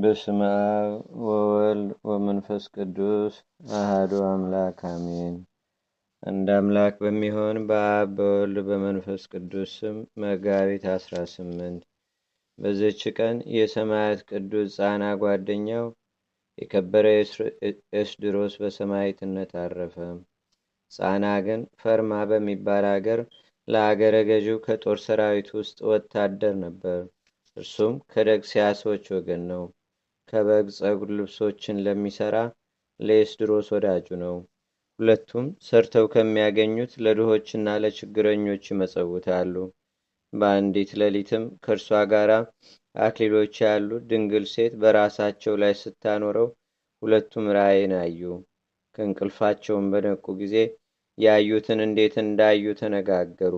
በስመ አብ ወወልድ ወመንፈስ ቅዱስ አህዱ አምላክ አሜን። አንድ አምላክ በሚሆን በአብ በወልድ በመንፈስ ቅዱስ ስም መጋቢት 18 በዘች ቀን የሰማያት ቅዱስ ጻና ጓደኛው የከበረ ኤስድሮስ በሰማዕትነት አረፈ። ጻና ግን ፈርማ በሚባል አገር ለአገረ ገዢው ከጦር ሰራዊት ውስጥ ወታደር ነበር። እርሱም ሰዎች ወገን ነው። ከበግ ጸጉር ልብሶችን ለሚሰራ ለኤስድሮስ ወዳጁ ነው። ሁለቱም ሰርተው ከሚያገኙት ለድሆችና ለችግረኞች ይመጸውታሉ። በአንዲት ሌሊትም ከእርሷ ጋር አክሊሎች ያሉ ድንግል ሴት በራሳቸው ላይ ስታኖረው ሁለቱም ራእይን አዩ። ከእንቅልፋቸውን በነቁ ጊዜ ያዩትን እንዴት እንዳዩ ተነጋገሩ።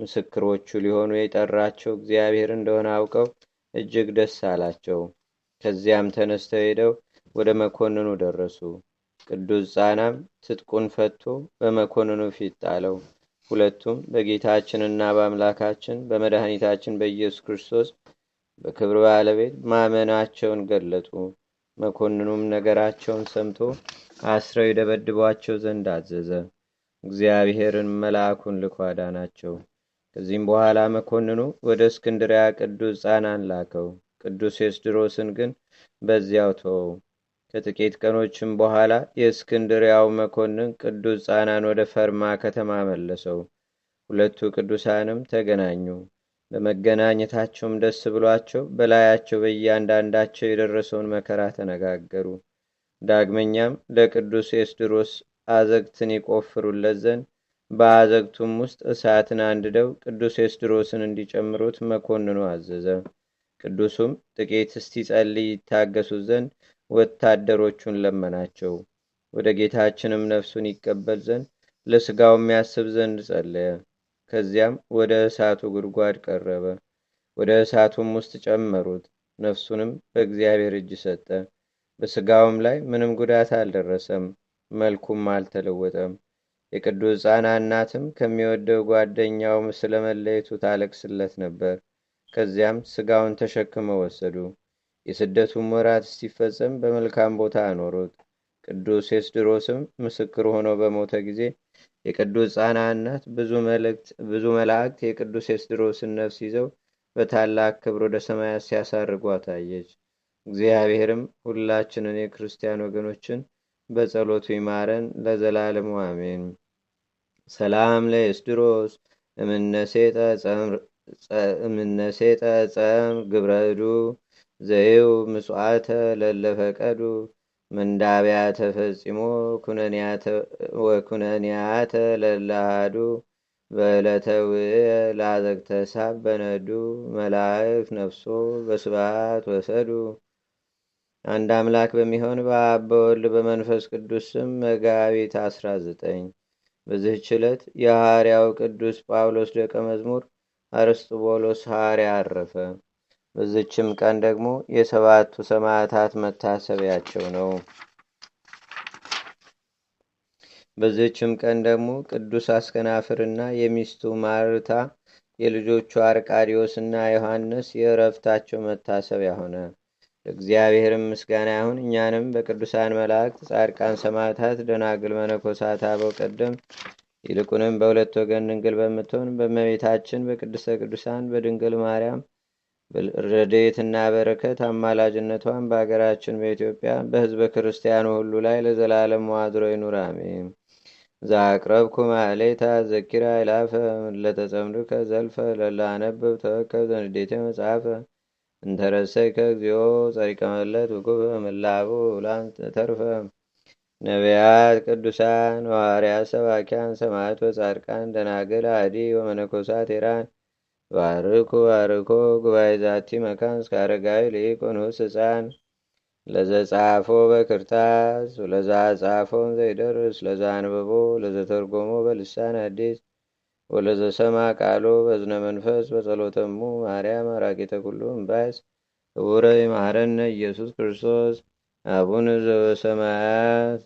ምስክሮቹ ሊሆኑ የጠራቸው እግዚአብሔር እንደሆነ አውቀው እጅግ ደስ አላቸው። ከዚያም ተነስተው ሄደው ወደ መኮንኑ ደረሱ። ቅዱስ ጻናም ትጥቁን ፈቶ በመኮንኑ ፊት ጣለው። ሁለቱም በጌታችንና በአምላካችን በመድኃኒታችን በኢየሱስ ክርስቶስ በክብር ባለቤት ማመናቸውን ገለጡ። መኮንኑም ነገራቸውን ሰምቶ አስረው የደበድቧቸው ዘንድ አዘዘ። እግዚአብሔርን መልአኩን ልኮ አዳናቸው። ከዚህም በኋላ መኮንኑ ወደ እስክንድሪያ ቅዱስ ጻናን ላከው። ቅዱስ ኤስድሮስን ግን በዚያው ተወው። ከጥቂት ቀኖችም በኋላ የእስክንድሪያው መኮንን ቅዱስ ጻናን ወደ ፈርማ ከተማ መለሰው። ሁለቱ ቅዱሳንም ተገናኙ። በመገናኘታቸውም ደስ ብሏቸው በላያቸው በእያንዳንዳቸው የደረሰውን መከራ ተነጋገሩ። ዳግመኛም ለቅዱስ ኤስድሮስ አዘግትን ይቆፍሩለት ዘንድ በአዘግቱም ውስጥ እሳትን አንድደው ቅዱስ ኤስድሮስን እንዲጨምሩት መኮንኑ አዘዘ። ቅዱሱም ጥቂት እስቲጸልይ ይታገሱት ዘንድ ወታደሮቹን ለመናቸው። ወደ ጌታችንም ነፍሱን ይቀበል ዘንድ ለስጋው የሚያስብ ዘንድ ጸለየ። ከዚያም ወደ እሳቱ ጉድጓድ ቀረበ። ወደ እሳቱም ውስጥ ጨመሩት። ነፍሱንም በእግዚአብሔር እጅ ሰጠ። በስጋውም ላይ ምንም ጉዳት አልደረሰም። መልኩም አልተለወጠም። የቅዱስ ህፃና እናትም ከሚወደው ጓደኛው መለየቱ ታለቅስለት ነበር። ከዚያም ስጋውን ተሸክመው ወሰዱ። የስደቱን ወራት ሲፈጸም በመልካም ቦታ አኖሩት። ቅዱስ ኤስድሮስም ምስክር ሆኖ በሞተ ጊዜ የቅዱስ ህፃና እናት ብዙ መላእክት የቅዱስ ኤስድሮስን ነፍስ ይዘው በታላቅ ክብር ወደ ሰማያት ሲያሳርጓ ታየች። እግዚአብሔርም ሁላችንን የክርስቲያን ወገኖችን በጸሎቱ ይማረን ለዘላለሙ አሜን። ሰላም ለኤስድሮስ እምነሴጠ ጸም ግብረዱ ዘይው ምስዋተ ለለፈቀዱ ምንዳብያ ተፈጺሞ ወኩነንያተ ለላሃዱ በዕለተ ላዘግተሳብ በነዱ መላእክ ነፍሶ በስባት ወሰዱ አንድ አምላክ በሚሆን በአብ በወልድ በመንፈስ ቅዱስ ስም መጋቢት 19 በዚህች ችለት የሐርያው ቅዱስ ጳውሎስ ደቀ መዝሙር አርስጥቦሎስ ሐርያ አረፈ። በዚችም ቀን ደግሞ የሰባቱ ሰማዕታት መታሰቢያቸው ነው። በዚችም ቀን ደግሞ ቅዱስ አስከናፍርና የሚስቱ ማርታ የልጆቹ እና ዮሐንስ የእረፍታቸው መታሰቢያ ሆነ። እግዚአብሔርም ምስጋና ይሁን። እኛንም በቅዱሳን መላእክት፣ ጻድቃን፣ ሰማዕታት፣ ደናግል፣ መነኮሳት፣ አበው ቀደም ይልቁንም በሁለት ወገን ድንግል በምትሆን በመቤታችን በቅድስተ ቅዱሳን በድንግል ማርያም ረድኤትና በረከት አማላጅነቷን በአገራችን በኢትዮጵያ በህዝበ ክርስቲያኑ ሁሉ ላይ ለዘላለም ዋድሮ ይኑር። አሜን። ዛቅረብኩ ማሌታ ዘኪራ ይላፈ ለተጸምዱከ ዘልፈ ለላነብብ ተወከብ ዘንዴቴ መጽሐፈ እንተረሰይከ እግዚኦ ጸሪቀ መለት ውቁብ ምላቡ ላን ተርፈ ነቢያት፣ ቅዱሳን፣ ዋርያ ሰባኪያን፣ ሰማያት ወጻድቃን፣ ደናግል፣ አዲ ወመነኮሳት ኢራን ባርኩ ባርኮ ጉባኤ ዛቲ መካን እስከ አረጋዊ ልሂቅ ህፃን ለዘጻፎ በክርታስ ለዛ ጻፎን ዘይደርስ ለዛ አንብቦ ለዘተርጎሞ በልሳን አዲስ ወለዘሰማ ቃሎ በዝነ መንፈስ በጸሎተሙ ማርያም አራቂተ ኩሉ እምባይስ እውረ ይማረነ ኢየሱስ ክርስቶስ አቡነ ዘበሰማያት